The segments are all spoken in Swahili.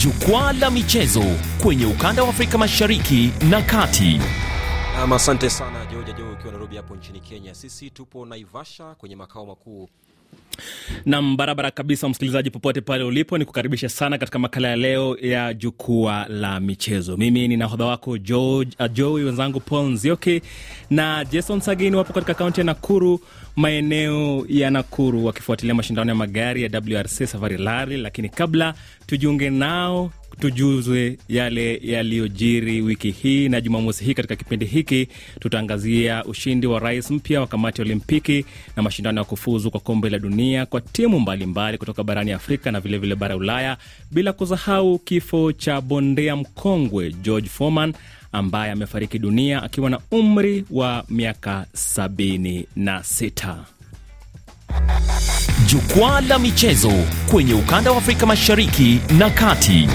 jukwaa la michezo kwenye ukanda wa Afrika Mashariki na Kati. Asante sana Georgia ukiwa Nairobi hapo nchini Kenya. Sisi tupo Naivasha kwenye makao makuu Nam barabara kabisa, msikilizaji popote pale ulipo, ni kukaribisha sana katika makala ya leo ya jukwaa la michezo. Mimi ni nahodha wako uh, jo wenzangu Paul Nzioki na Jason Sagini wapo katika kaunti ya Nakuru, maeneo ya Nakuru wakifuatilia mashindano ya magari ya WRC Safari Rally. Lakini kabla tujiunge nao, tujuzwe yale yaliyojiri wiki hii na Jumamosi hii. Katika kipindi hiki tutaangazia ushindi wa rais mpya wa kamati ya Olimpiki na mashindano ya kufuzu kwa kombe la dunia kwa timu mbalimbali mbali kutoka barani Afrika na vilevile vile bara Ulaya, bila kusahau kifo cha bondea mkongwe George forman ambaye amefariki dunia akiwa na umri wa miaka 76. Jukwaa la michezo kwenye ukanda wa Afrika mashariki na kati.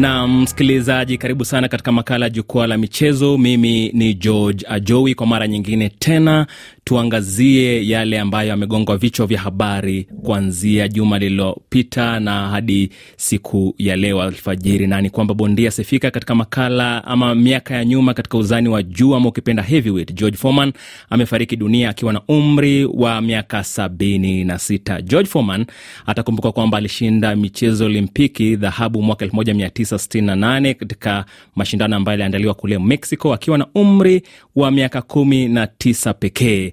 Na msikilizaji, karibu sana katika makala ya jukwaa la michezo. Mimi ni George Ajowi kwa mara nyingine tena tuangazie yale ambayo amegongwa vichwa vya habari kuanzia juma lililopita na hadi siku ya leo alfajiri, na ni kwamba bondia asifika katika makala ama miaka ya nyuma katika uzani wa juu ama ukipenda heavyweight, George amefariki dunia akiwa na umri wa miaka sabini na sita. George Foreman atakumbuka kwamba alishinda michezo Olimpiki dhahabu mwaka 1968 katika mashindano ambayo aliandaliwa kule Mexico akiwa na umri wa miaka kumi na tisa pekee.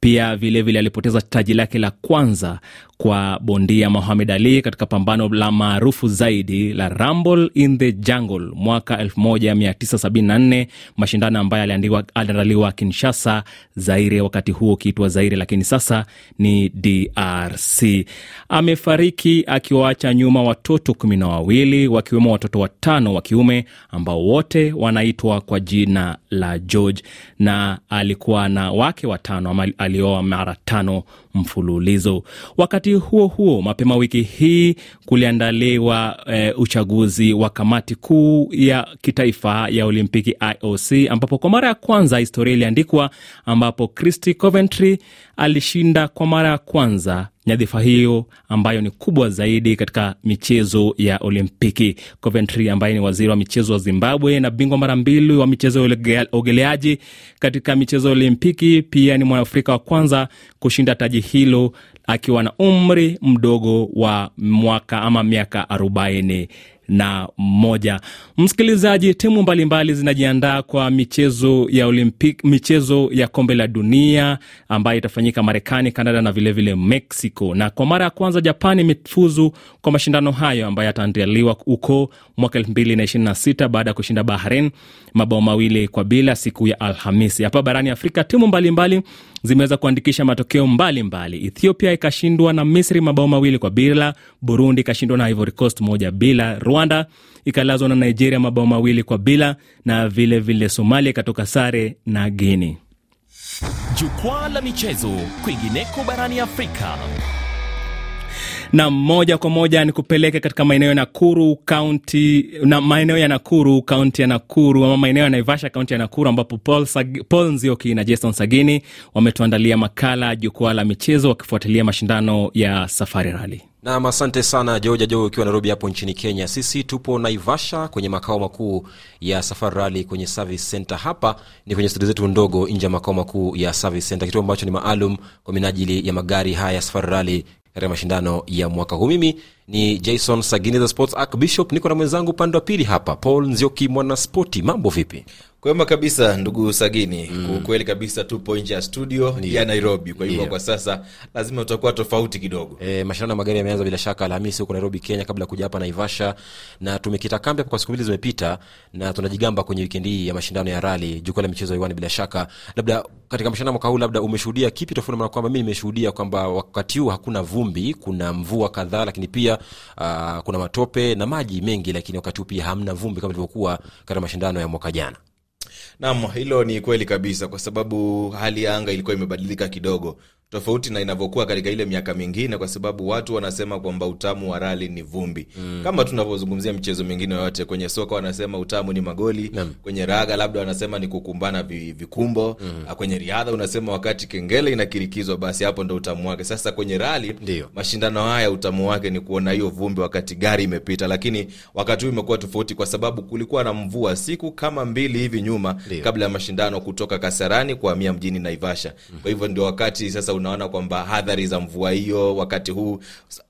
Pia vilevile vile alipoteza taji lake la kwanza kwa bondia Muhammad Ali katika pambano la maarufu zaidi la Rumble in the Jungle mwaka 1974, mashindano ambayo aliandaliwa Kinshasa, Zaire, wakati huo ukiitwa Zaire lakini sasa ni DRC. Amefariki akiwaacha nyuma watoto kumi na wawili wakiwemo watoto watano wa kiume ambao wote wanaitwa kwa jina la George na alikuwa na wake watano ama alioa mara tano mfululizo. Wakati huo huo, mapema wiki hii kuliandaliwa e, uchaguzi wa kamati kuu ya kitaifa ya Olimpiki IOC, ambapo kwa mara ya kwanza historia iliandikwa, ambapo Christy Coventry alishinda kwa mara ya kwanza nyadhifa hiyo ambayo ni kubwa zaidi katika michezo ya Olimpiki. Coventry ambaye ni waziri wa michezo wa Zimbabwe na bingwa mara mbili wa michezo ya ogeleaji katika michezo ya Olimpiki, pia ni mwanaafrika wa kwanza kushinda taji jiji hilo akiwa na umri mdogo wa mwaka ama miaka arobaini na moja. Msikilizaji, timu mbalimbali zinajiandaa kwa michezo ya Olympic, michezo ya kombe la dunia ambayo itafanyika Marekani, Kanada na vilevile vile Mexico, na kwa mara ya kwanza Japani imefuzu kwa mashindano hayo ambayo yataandaliwa huko mwaka elfu mbili na na ishirini sita baada ya kushinda Bahrain mabao mawili kwa bila siku ya Alhamisi. Hapa barani Afrika timu mbalimbali zimeweza kuandikisha matokeo mbalimbali mbali. Ethiopia ikashindwa na Misri mabao mawili kwa bila, Burundi ikashindwa na Ivory Coast moja bila Rwanda Rwanda ikalazwa na Nigeria mabao mawili kwa bila, na vilevile vile Somalia ikatoka sare na Gini. Jukwaa la michezo kwingineko barani Afrika na moja kwa moja ni kupeleke katika maeneo ya Nakuru kaunti na maeneo ya Nakuru kaunti ya Nakuru ama maeneo ya Naivasha kaunti ya Nakuru, ambapo Paul, Sag, Paul Nzioki na Jason Sagini wametuandalia makala jukwaa la michezo wakifuatilia mashindano ya Safari Rali. Nam, asante sana Joja Jo ukiwa Nairobi hapo nchini Kenya. Sisi tupo Naivasha kwenye makao makuu ya Safari Rali kwenye Service Center. Hapa ni kwenye studio zetu ndogo nje ya makao makuu ya Service Center, kituo ambacho ni maalum kwa minajili ya magari haya ya Safari Rali katika mashindano ya mwaka huu. Mimi ni Jason Sagini the Sports Archbishop, niko na mwenzangu upande wa pili hapa Paul Nzioki, mwanaspoti. Mambo vipi? kwema kabisa ndugu sagini mm. kweli kabisa tupo nje ya studio Ndiyo. ya nairobi kwa hivyo kwa sasa lazima utakuwa tofauti kidogo e, mashindano ya magari yameanza bila shaka alhamisi huko nairobi kenya kabla ya kuja hapa naivasha na tumekita kambi hapa kwa siku mbili zimepita na tunajigamba kwenye wikendi hii ya mashindano ya rali jukwaa la michezo iwani bila shaka labda katika mashindano mwaka huu labda umeshuhudia kipi tofauti na kwamba mi nimeshuhudia kwamba wakati huu hakuna vumbi kuna mvua kadhaa lakini pia uh, kuna matope na maji mengi lakini wakati huu pia hamna vumbi kama ilivyokuwa katika mashindano ya mwaka jana nam hilo ni kweli kabisa, kwa sababu hali ya anga ilikuwa imebadilika kidogo tofauti na inavyokuwa katika ile miaka mingine, kwa sababu watu wanasema kwamba utamu wa rali ni vumbi mm. kama tunavyozungumzia michezo mingine yoyote. Kwenye soka wanasema utamu ni magoli mm. kwenye raga labda wanasema ni kukumbana vikumbo mm. kwenye riadha unasema wakati kengele inakirikizwa, basi hapo ndo utamu wake. Sasa kwenye rali Ndiyo. mashindano haya utamu wake ni kuona hiyo vumbi wakati gari imepita, lakini wakati huu imekuwa tofauti kwa sababu kulikuwa na mvua siku kama mbili hivi nyuma Ndiyo. kabla ya mashindano kutoka Kasarani kuhamia mjini Naivasha mm. kwa hivyo ndio wakati sasa unaona kwamba hadhari za mvua hiyo wakati huu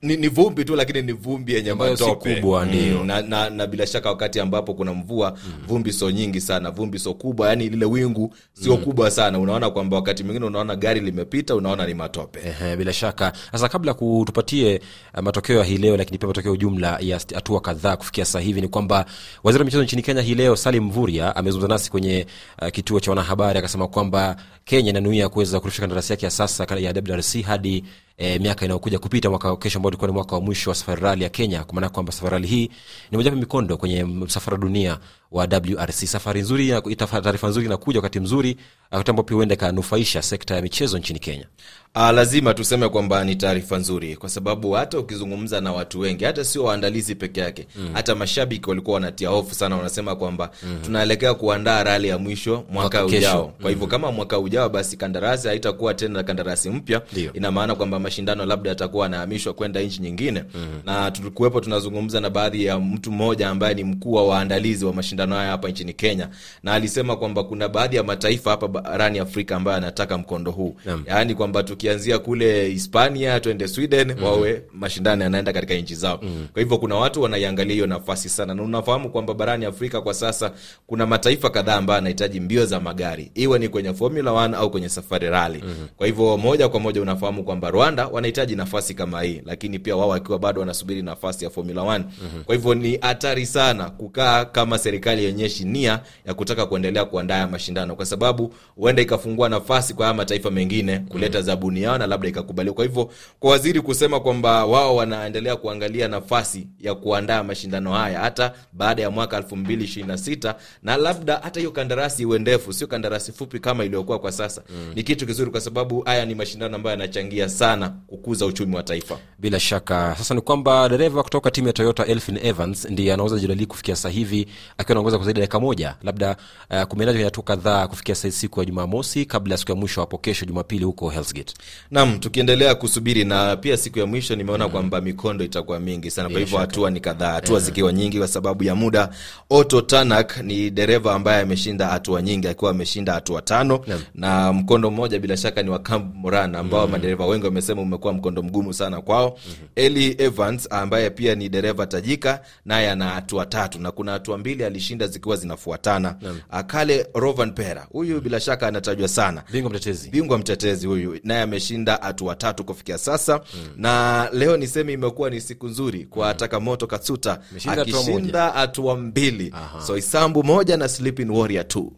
ni, ni vumbi tu, lakini ni vumbi yenye matope si mm, na, na, na bila shaka wakati ambapo kuna mvua mm, vumbi so nyingi sana, vumbi so kubwa, yani lile wingu sio mm, kubwa sana, unaona kwamba wakati mwingine unaona gari limepita, unaona ni matope. Ehe, bila shaka. Sasa kabla kutupatie eh, matokeo ya hii leo, lakini pia matokeo jumla ya hatua kadhaa kufikia sasa hivi, ni kwamba waziri wa michezo nchini Kenya hii leo Salim Mvurya amezungumza nasi kwenye uh, kituo cha wanahabari akasema kwamba Kenya inanuia kuweza kurusha kandarasi yake ya sasa yang ada berdarah si hadi e, miaka inayokuja kupita mwaka kesho ambao ulikuwa ni mwaka wa mwisho wa safari rali ya kenya kwa maana kwamba safari rali hii ni mojawapo mikondo kwenye msafara wa dunia wa wrc safari nzuri taarifa nzuri inakuja wakati mzuri wakati ambao pia huenda ikanufaisha sekta ya michezo nchini kenya A, ah, lazima tuseme kwamba ni taarifa nzuri kwa sababu hata ukizungumza na watu wengi hata sio waandalizi peke yake mm. hata mashabiki walikuwa wanatia hofu sana wanasema kwamba mm. tunaelekea kuandaa rali ya mwisho mwaka ujao kwa hivyo mm. kama mwaka ujao basi kandarasi haitakuwa tena kandarasi mpya ina maana kwamba mashindano labda atakuwa anahamishwa kwenda nchi nyingine mm. hmm na tulikuwepo tunazungumza na baadhi ya mtu mmoja ambaye ni mkuu wa waandalizi wa mashindano haya hapa nchini Kenya na alisema kwamba kuna baadhi ya mataifa hapa barani Afrika ambayo anataka mkondo huu mm. hmm yaani kwamba tukianzia kule Hispania twende Sweden mm. hmm wawe mashindano yanaenda katika nchi zao mm. hmm kwa hivyo kuna watu wanaiangalia hiyo nafasi sana na unafahamu kwamba barani Afrika kwa sasa kuna mataifa kadhaa ambayo anahitaji mbio za magari iwe ni kwenye Formula 1 au kwenye safari rali mm. hmm kwa hivyo moja kwa moja unafahamu kwamba Rwanda Honda wanahitaji nafasi kama hii, lakini pia wao wakiwa bado wanasubiri nafasi ya Formula 1 mm-hmm. Kwa hivyo ni hatari sana kukaa kama serikali yenyeshi nia ya kutaka kuendelea kuandaa mashindano, kwa sababu huenda ikafungua nafasi kwa haya mataifa mengine kuleta mm-hmm. zabuni yao na labda ikakubaliwa. Kwa hivyo kwa waziri kusema kwamba wao wanaendelea kuangalia nafasi ya kuandaa mashindano haya hata baada ya mwaka 2026 na labda hata hiyo kandarasi iwe ndefu, sio kandarasi fupi kama iliyokuwa kwa sasa mm. Ni kitu kizuri, kwa sababu haya ni mashindano ambayo yanachangia sana kukuza uchumi wa taifa bila shaka sasa ni kwamba dereva kutoka timu ya toyota elfin evans ndiye anaongoza jedwali kufikia sasa hivi akiwa anaongoza kwa zaidi ya dakika moja labda uh, eh, kumeendazwa kwenye hatua kadhaa kufikia sai siku ya jumamosi kabla ya siku ya mwisho hapo kesho jumapili huko helsgate nam tukiendelea kusubiri na pia siku ya mwisho nimeona mm. kwamba mikondo itakuwa mingi sana kwa hivyo hatua ni kadhaa hatua mm. zikiwa nyingi kwa sababu ya muda oto tanak ni dereva ambaye ameshinda hatua nyingi akiwa ameshinda hatua tano mm. na mkondo mmoja bila shaka ni wa camp moran ambao mm. madereva wengi wamesema wanasema umekuwa mkondo mgumu sana kwao. mm-hmm. Eli Evans ambaye pia ni dereva tajika, naye ana hatua tatu na kuna hatua mbili alishinda zikiwa zinafuatana. mm-hmm. kale Rovan Pera huyu, mm-hmm. bila shaka anatajwa sana, bingwa mtetezi, bingwa mtetezi huyu naye ameshinda hatua tatu kufikia sasa. mm-hmm. Na leo niseme imekuwa ni siku nzuri kwa mm-hmm. Takamoto Katsuta akishinda hatua mbili, Aha. so Isambu moja na Sleeping Warrior two.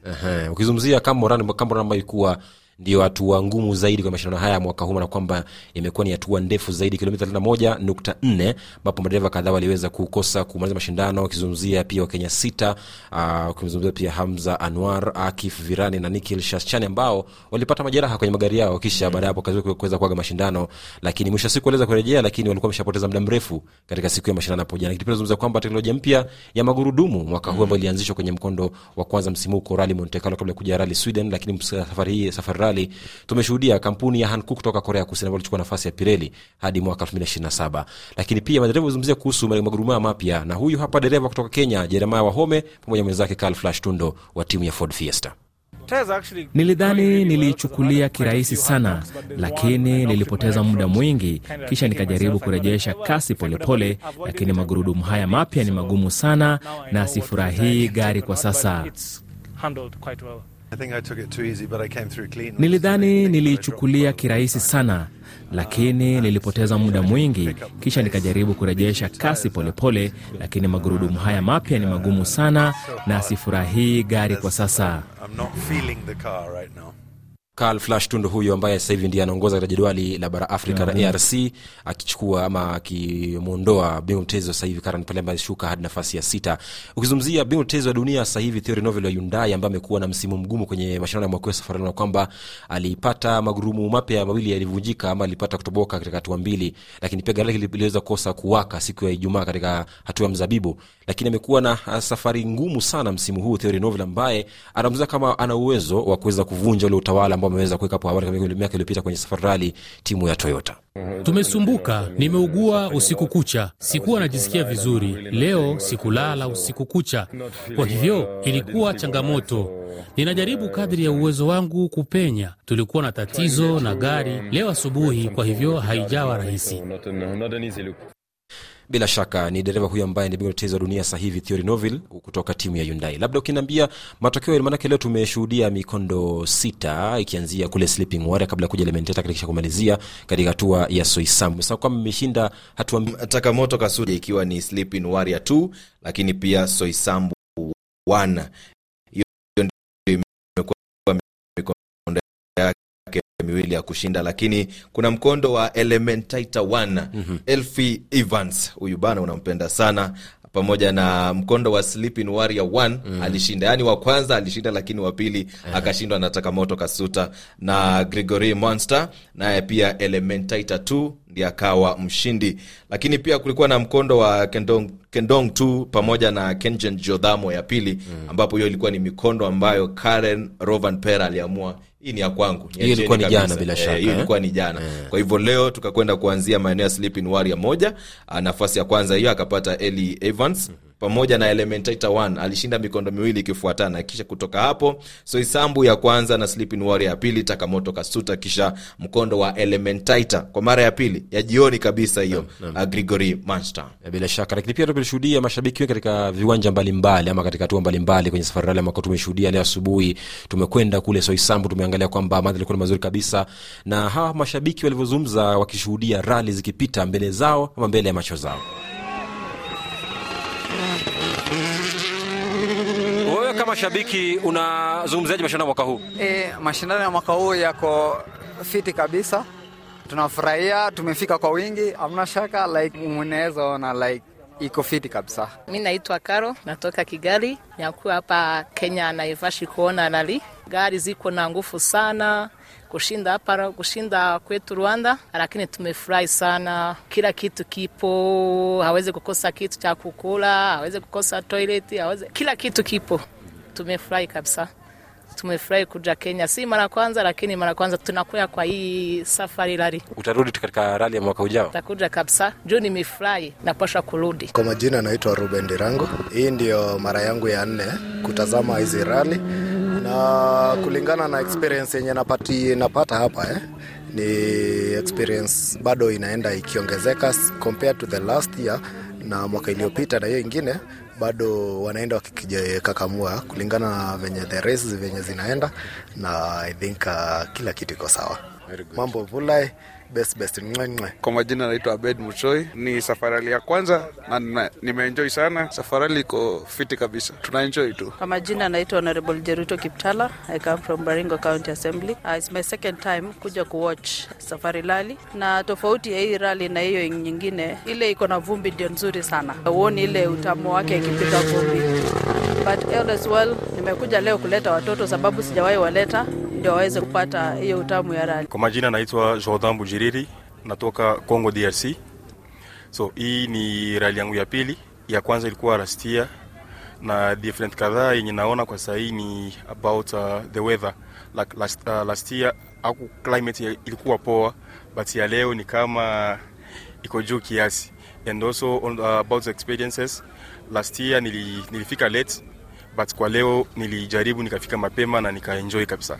Ukizungumzia Cameron, Cameron ambaye kuwa ndio hatua ngumu zaidi kwenye mashindano haya mwaka huu, na kwamba imekuwa ni hatua ndefu zaidi, kilomita 31.4, ambapo madereva kadhaa waliweza kukosa kumaliza mashindano, wakizungumzia pia Wakenya sita, ah, wakizungumzia pia Hamza Anwar, Akif Virani na nikil shaschani ambao walipata majeraha kwenye magari yao, kisha baada ya hapo kazi kuweza kuaga mashindano, lakini mwisho siku waliweza kurejea, lakini walikuwa wameshapoteza muda mrefu katika siku ya mashindano hapo jana. Kitu pia kwamba teknolojia mpya ya magurudumu mwaka huu ambao mm. ilianzishwa kwenye mkondo wa kwanza msimu huko Rally Monte Carlo kabla ya kuja Rally Sweden, lakini safari hii safari mbalimbali tumeshuhudia kampuni ya Hankook kutoka Korea Kusini ambayo ilichukua nafasi ya pireli hadi mwaka 2027. Lakini pia madereva huzungumzia kuhusu magurumaa mapya, na huyu hapa dereva kutoka Kenya, jeremaya Wahome, pamoja na mwenzake Karl Flash Tundo wa timu ya Ford Fiesta. Nilidhani niliichukulia kirahisi sana, lakini nilipoteza muda mwingi, kisha nikajaribu kurejesha kasi polepole pole, lakini magurudumu haya mapya ni magumu sana na sifurahii gari kwa sasa. Nilidhani niliichukulia kirahisi sana, lakini nilipoteza muda mwingi, kisha nikajaribu kurejesha kasi polepole pole, lakini magurudumu haya mapya ni uh, magumu sana na sifurahii gari kwa uh, sasa. Karl Flash Tundu huyu ambaye sasa hivi ndiye anaongoza katika jedwali la bara Afrika yeah, la ARC akichukua ama akimwondoa bingwa mtetezi sasa hivi Karan Pale ambaye shuka hadi nafasi ya sita. Ukizungumzia bingwa mtetezi wa dunia sasa hivi Thierry Neuville wa Hyundai ambaye amekuwa na msimu mgumu kwenye mashindano ya mwaka huu safari na kwamba alipata magurumu mapya mawili yalivunjika ama alipata kutoboka katika hatua mbili, lakini pia gari lake liliweza kukosa kuwaka siku ya Ijumaa katika hatua ya mzabibu, lakini amekuwa na uh, safari ngumu sana msimu huu Thierry Neuville ambaye anamzungumza kama ana uwezo wa kuweza kuvunja ule utawala ambao wameweza kuweka hapo habari kama miaka iliyopita kwenye Safari rali timu ya Toyota. Tumesumbuka, nimeugua usiku kucha, sikuwa najisikia vizuri. Leo sikulala usiku kucha, kwa hivyo ilikuwa changamoto. Ninajaribu kadri ya uwezo wangu kupenya. Tulikuwa na tatizo na gari leo asubuhi, kwa hivyo haijawa rahisi. Bila shaka ni dereva huyo ambaye ni bingwa tetezi wa dunia sasa hivi Thierry Neuville kutoka timu ya Hyundai. Labda ukiniambia matokeo, maanake leo tumeshuhudia mikondo sita ikianzia kule Sleeping Warrior kabla ya kuja Elementaita kisha kumalizia katika hatua ya Soisam. Sasa kwamba mmeshinda hatua Takamoto kasudi ikiwa ni Sleeping Warrior 2 lakini pia Soisam 1 miwili ya kushinda, lakini kuna mkondo wa Elementaita 1 mm -hmm. Elfie Evans huyu bana unampenda sana pamoja na mkondo wa Sleeping waria 1 mm -hmm. alishinda, yani wa kwanza alishinda, lakini wa pili uh eh. -huh. akashindwa na Takamoto Kasuta na Gregory Monster, naye pia Elementaita 2 ndi akawa mshindi, lakini pia kulikuwa na mkondo wa Kendong Kendong tu pamoja na Kenjen Jodhamo ya pili mm. ambapo hiyo ilikuwa ni mikondo ambayo Karen Rovan per aliamua hii ni ya kwangu, hiyo eh, eh? ilikuwa ni jana, bila shaka hiyo ilikuwa ni jana. Kwa hivyo leo tukakwenda kuanzia maeneo ya Sleeping waria moja, ah, nafasi ya kwanza hiyo akapata eli Evans mm -hmm pamoja na Elementaita 1 alishinda mikondo miwili ikifuatana, kisha kutoka hapo Soisambu ya kwanza na Sleeping Warrior ya pili, Takamoto Kasuta, kisha mkondo wa Elementaita kwa mara ya pili ya jioni kabisa hiyo uh, Grigori Manster. Bila shaka, lakini pia tulishuhudia mashabiki wengi katika viwanja mbalimbali ama katika hatua mbalimbali kwenye safari rali ambako tumeshuhudia leo asubuhi. Tumekwenda kule Soisambu, tumeangalia kwamba mandhari ilikuwa mazuri kabisa, na hawa mashabiki walivyozungumza wakishuhudia rali zikipita mbele zao ama mbele ya macho zao. kama shabiki unazungumziaje mashindano mwaka huu? E, mashindano ya mwaka huu yako fiti kabisa, tunafurahia, tumefika kwa wingi, hamna shaka like mnaweza ona like iko fiti kabisa. Mi naitwa Karo, natoka Kigali, nyakuwa hapa Kenya Naivashi kuona nali gari ziko na nguvu sana kushinda hapa kushinda kwetu Rwanda, lakini tumefurahi sana. Kila kitu kipo, hawezi kukosa kitu cha kukula, hawezi kukosa toileti, hawezi kila kitu kipo tumefurahi kabisa, tumefurahi kuja Kenya. Si mara kwanza, lakini mara kwanza tunakuya kwa hii safari rali. Utarudi katika rali ya mwaka ujao? Takuja kabisa, juu nimefurahi, napasha kurudi. Kwa majina anaitwa Ruben Dirango. Hii ndiyo mara yangu ya nne kutazama hizi rali na kulingana na experience yenye napati napata hapa eh, ni experience bado inaenda ikiongezeka compared to the last year na mwaka iliyopita na hiyo ingine bado wanaenda wakikijakakamua kulingana na venye the race venye zinaenda, na I think uh, kila kitu iko sawa. Mambo Vulai best best Kwa majina anaitwa Abed Muchoi. Ni safarali ya kwanza na nimeenjoi sana. Safarali iko fiti kabisa, tunaenjoi tu. Kwa majina anaitwa honorabl Jeruto Kiptala. I come from Baringo County Assembly. Uh, it's my second time kuja kuwatch safari lali, na tofauti ya hii rali na hiyo nyingine, ile iko na vumbi ndio nzuri sana, uoni ile utamo wake ikipita vumbi. But as well, nimekuja leo kuleta watoto sababu sijawahi waleta ndio waweze kupata hiyo utamu ya rali. Kwa majina naitwa Jordan Bujiriri, natoka Congo DRC. So hii ni rali yangu ya pili, ya kwanza ilikuwa Rastia na different kadhaa yenye naona kwa sahii ni about uh, the weather like last, uh, last year aku climate ilikuwa poa but ya leo ni kama iko juu kiasi and also on, uh, about the experiences last year nili, nilifika late but kwa leo nilijaribu nikafika mapema na nikaenjoy kabisa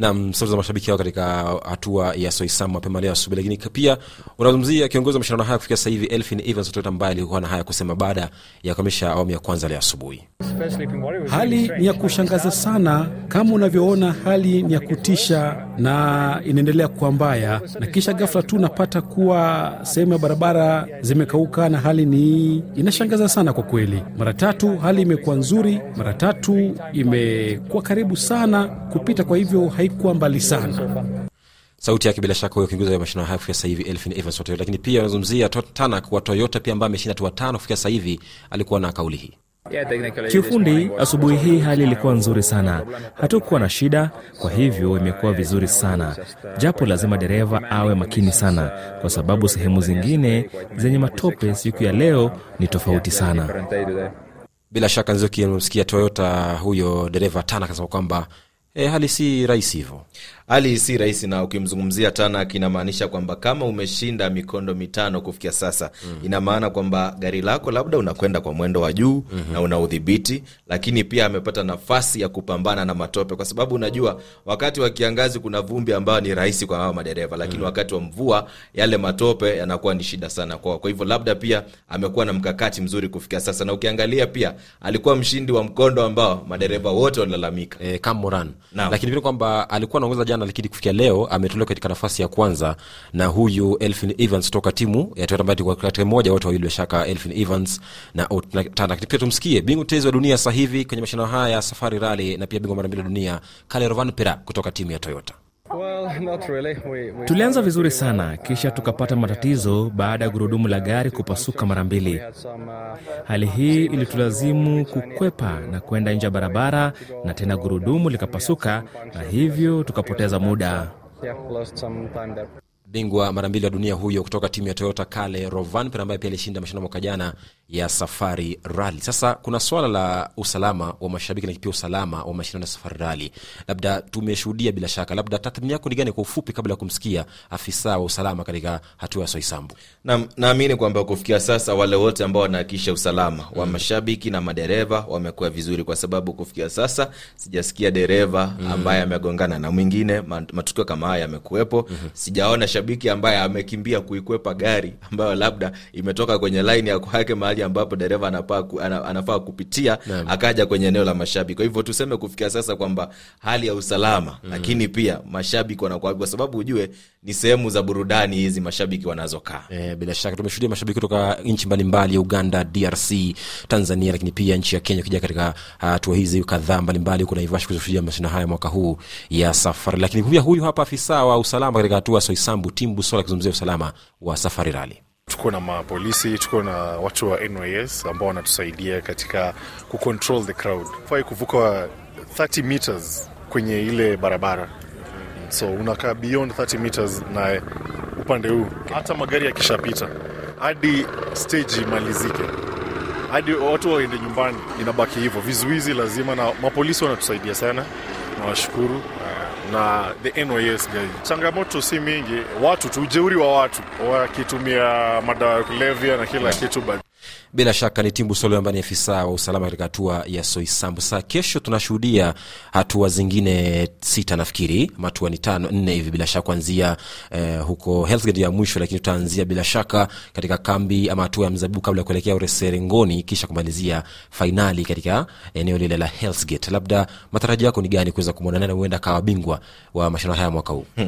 nam za mashabiki yao katika hatua ya soisam mapema leo asubuhi, lakini pia unazungumzia kiongozi wa mashindano haya kufikia sasa hivi Elfin Evans ambaye alikuwa na haya kusema baada ya kuamisha awamu ya kwanza leo asubuhi. Hali ni ya kushangaza sana, kama unavyoona, hali ni ya kutisha na inaendelea kuwa mbaya, na kisha gafla tu unapata kuwa sehemu ya barabara zimekauka na hali ni inashangaza sana kwa kweli. Mara tatu hali imekuwa nzuri, mara tatu imekuwa karibu sana kupita, kwa hivyo hai imekuwa mbali sana sauti yake bila shaka huyo kiongozi wa mashindano haya kufikia sasa hivi Elfin Evans wa Toyota, lakini pia anazungumzia Tanak wa Toyota pia ambaye ameshinda tu watano kufikia sasa hivi, alikuwa na kauli hii. Kiufundi, asubuhi hii hali ilikuwa nzuri sana, hatukuwa na shida, kwa hivyo imekuwa vizuri sana, japo lazima dereva awe makini sana, kwa sababu sehemu zingine zenye matope siku ya leo ni tofauti sana. Bila shaka nzio kimemsikia Toyota huyo dereva Tanak akasema kwamba E, hali si rahisi hivo hali si rahisi. Na ukimzungumzia Tanak inamaanisha kwamba kama umeshinda mikondo mitano kufikia sasa mm ina maana kwamba gari lako labda unakwenda kwa mwendo wa juu mm -hmm. na una udhibiti lakini pia amepata nafasi ya kupambana na matope, kwa sababu unajua wakati wa kiangazi kuna vumbi ambayo ni rahisi kwa hawa madereva, lakini mm -hmm. wakati wa mvua yale matope yanakuwa ni shida sana kwao. Kwa hivyo labda pia amekuwa na mkakati mzuri kufikia sasa, na ukiangalia pia alikuwa mshindi wa mkondo ambao madereva wote walilalamika, e, no. Lakini vile kwamba alikuwa anaongoza jana, lakini kufikia leo ametolewa katika nafasi ya kwanza na huyu Elfin Evans toka timu ya Toyota ambayo katika moja wote wawili shaka Elfin Evans na Otana. Pia tumsikie bingwa mtetezi wa dunia sasa hivi kwenye mashindano haya ya Safari Rally na pia bingwa mara mbili dunia Kalle Rovanpera kutoka timu ya Toyota. really. Tulianza vizuri sana, kisha uh, tukapata matatizo uh, baada ya gurudumu la gari kupasuka mara mbili. Uh, Hali hii ilitulazimu kukwepa na kwenda nje ya barabara, na tena gurudumu likapasuka, na hivyo tukapoteza muda. Bingwa mara mbili wa dunia huyo kutoka timu ya Toyota Kale Rovan ambaye pia alishinda mashindano mwaka jana ya safari rali. Sasa kuna swala la usalama wa mashabiki lakini pia usalama wa mashindano ya safari rali, labda tumeshuhudia bila shaka, labda tathmini yako ni gani kwa ufupi, kabla ya kumsikia afisa wa usalama katika hatua ya Soisambu? Naam, naamini kwamba kufikia sasa wale wote ambao wanahakikisha usalama wa mm. mashabiki na madereva wamekuwa vizuri, kwa sababu kufikia sasa sijasikia dereva mm. ambaye amegongana na mwingine. Matukio kama haya yamekuwepo mm -hmm. sijaona shabiki ambaye amekimbia kuikwepa gari ambayo labda imetoka kwenye laini ya kwake mahali mahali ambapo dereva anafaa, ku, anafaa kupitia Naam. akaja kwenye eneo la mashabiki. Kwa hivyo tuseme kufikia sasa kwamba hali ya usalama mm. lakini pia mashabiki wanakuwa, kwa sababu ujue ni sehemu za burudani hizi mashabiki wanazokaa. E, bila shaka tumeshuhudia mashabiki kutoka nchi mbalimbali ya Uganda, DRC, Tanzania, lakini pia nchi ya Kenya kija katika ah, hatua uh, hizi kadhaa mbalimbali huko Naivasha kushuhudia mashina haya mwaka huu ya safari. Lakini pia huyu hapa afisa wa usalama katika hatua Soisambu Timbu Sola akizungumzia usalama wa safari rali tuko na mapolisi, tuko na watu wa NYS ambao wanatusaidia katika kucontrol the crowd. Fai kuvuka 30 meters kwenye ile barabara, so unakaa beyond 30 meters na upande huu, hata magari yakishapita hadi stage imalizike hadi watu waende nyumbani, inabaki hivyo vizuizi lazima, na mapolisi wanatusaidia sana, nawashukuru na the NYS guys. Changamoto si mingi, watu tu, ujeuri wa watu wakitumia madawa ya kulevya na kila kitu but bila shaka ni Timbu Solo ambaye ni afisa wa usalama katika hatua ya Soisambu. sa kesho tunashuhudia hatua zingine sita, nafikiri hatua ni tano nne hivi, bila shaka kuanzia eh, huko Hell's ya mwisho, lakini tutaanzia bila shaka katika kambi ama hatua ya mzabibu kabla ya kuelekea Ureserengoni, kisha kumalizia fainali katika eneo lile la Hell's Labda matarajio yako ni gani kuweza kumwona nani huenda kawa bingwa wa mashindano haya mwaka huu?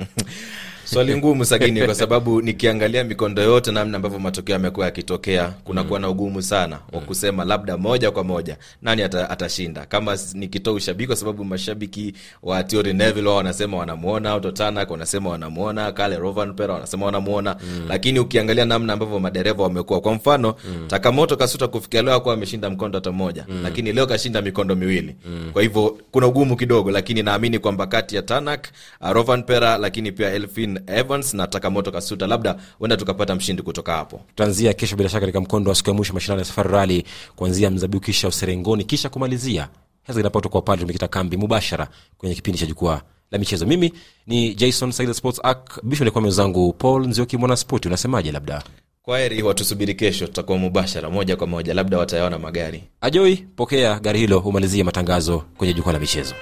swali ngumu sagini kwa sababu nikiangalia mikondo yote namna ambavyo matokeo yamekuwa yakitokea kunakuwa mm. na ugumu sana wa mm. kusema labda moja kwa moja nani ata, atashinda kama nikitoa ushabiki kwa sababu mashabiki wa tori nevil wao wanasema wanamuona Totanak wanasema wanamuona Kale rovanper wanasema wanamuona mm. lakini ukiangalia namna ambavyo madereva wamekuwa kwa mfano mm. Takamoto Kasuta kufikia leo akuwa ameshinda mkondo hata mmoja mm. lakini leo kashinda mikondo miwili mm. kwa hivyo kuna ugumu kidogo lakini naamini kwamba kati ya Tanak Rovanpera lakini pia Elfin Brian Evans na Takamoto Kasuta, labda huenda tukapata mshindi kutoka hapo. Tutaanzia kesho bila shaka katika mkondo wa siku ya mwisho mashindano ya Safari Rali kuanzia Mzabibu kisha Userengoni kisha kumalizia hasa inapata kwa pale tumekita kambi mubashara kwenye kipindi cha jukwaa la michezo. Mimi ni Jason Sail Sports Arc Bisho, nilikuwa mwenzangu Paul Nzioki Mwanaspoti. Unasemaje? Labda kwaheri, watusubiri kesho, tutakuwa mubashara moja kwa moja, labda watayaona magari. Ajoi, pokea gari hilo umalizie matangazo kwenye jukwaa la michezo.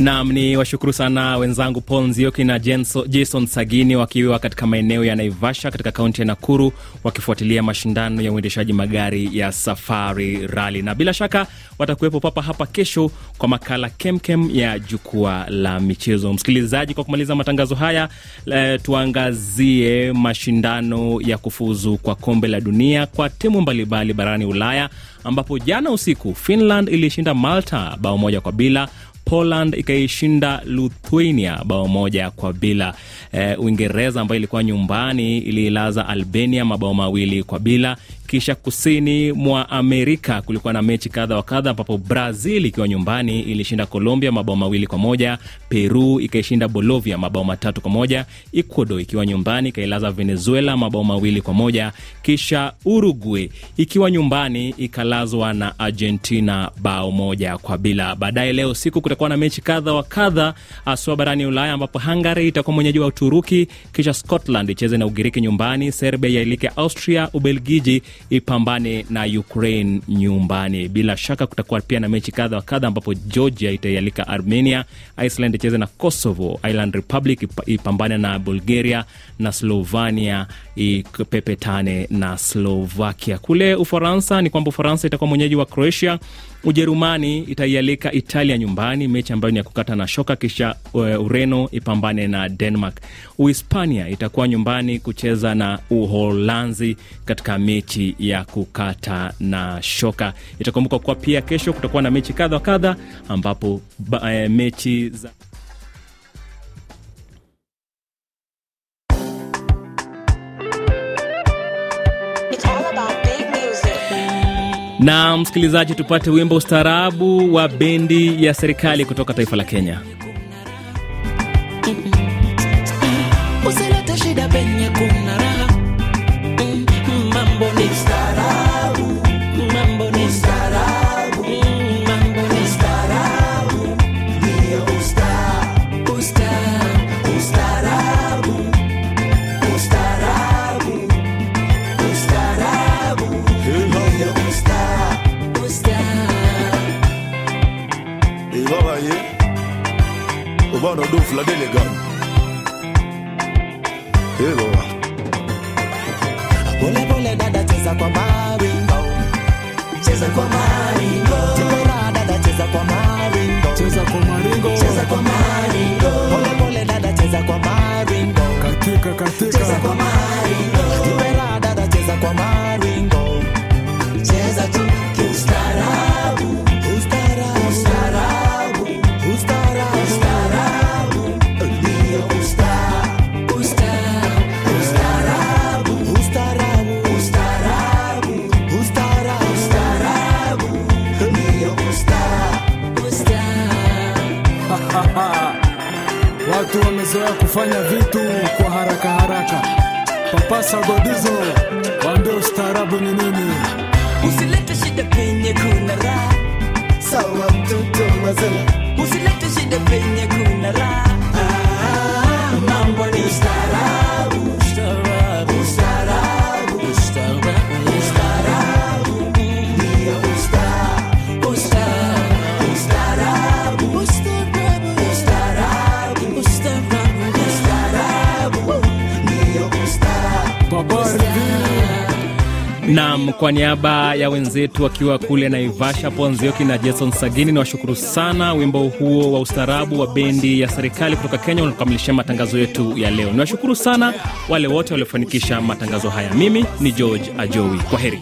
Nam ni washukuru sana wenzangu Paul Nzioki na Jenso, Jason Sagini wakiwa katika maeneo ya Naivasha katika kaunti ya Nakuru wakifuatilia mashindano ya uendeshaji magari ya Safari Rali, na bila shaka watakuwepo papa hapa kesho kwa makala kemkem ya jukwaa la michezo. Msikilizaji, kwa kumaliza matangazo haya le, eh, tuangazie mashindano ya kufuzu kwa kombe la dunia kwa timu mbalimbali barani Ulaya ambapo jana usiku Finland ilishinda Malta bao moja kwa bila Poland ikaishinda Lithuania bao moja kwa bila. E, Uingereza ambayo ilikuwa nyumbani iliilaza Albania mabao mawili kwa bila. Kisha kusini mwa Amerika kulikuwa na mechi kadha wa kadha, ambapo Brazil ikiwa nyumbani ilishinda Colombia mabao mawili kwa moja. Peru ikaishinda bolovia mabao matatu kwa moja. Ecuador ikiwa nyumbani ikailaza Venezuela mabao mawili kwa moja. Kisha urugwe ikiwa nyumbani ikalazwa na Argentina bao moja kwa bila. Baadaye leo siku kutakuwa na mechi kadha wa kadha, haswa barani Ulaya ambapo Hungary itakuwa mwenyeji wa Uturuki, kisha Scotland icheze na Ugiriki nyumbani, Serbia yailike Austria, Ubelgiji ipambane na Ukraine nyumbani. Bila shaka kutakuwa pia na mechi kadha wa kadha, ambapo Georgia itaialika Armenia, Iceland icheze na Kosovo, iland Republic ipambane na Bulgaria na Slovania ipepetane na Slovakia. Kule Ufaransa ni kwamba Ufaransa itakuwa mwenyeji wa Croatia Ujerumani itaialika Italia nyumbani, mechi ambayo ni ya kukata na shoka, kisha eh, Ureno ipambane na Denmark. Uhispania itakuwa nyumbani kucheza na Uholanzi katika mechi ya kukata na shoka. Itakumbuka kuwa pia kesho kutakuwa na mechi kadha wa kadha ambapo ba, e, mechi za Na msikilizaji, tupate wimbo ustaarabu wa bendi ya serikali kutoka taifa la Kenya. bwana Dof la Delegam. Hilo pole pole, dada cheza kwa maringo, cheza kwa maringo, tena dada cheza kwa maringo, cheza kwa maringo, cheza kwa maringo, pole pole, dada cheza kwa maringo, katika katika, cheza kwa maringo, tena dada cheza kwa maringo, cheza tu watu wamezoea kufanya vitu kwa haraka haraka. Papasa Godizo, waambie ustaarabu ni nini. Usilete shida penye kuna raha, sawa mtoto mazela. Usilete shida penye kuna raha, ah, ah, ah, mambo ni ustaarabu Nam, kwa niaba ya wenzetu wakiwa kule Naivasha, Ponzioki na Jason Sagini, ni washukuru sana. Wimbo huo wa ustaarabu wa bendi ya serikali kutoka Kenya unakamilishia matangazo yetu ya leo. Ni washukuru sana wale wote waliofanikisha matangazo haya. Mimi ni George Ajowi, kwa heri.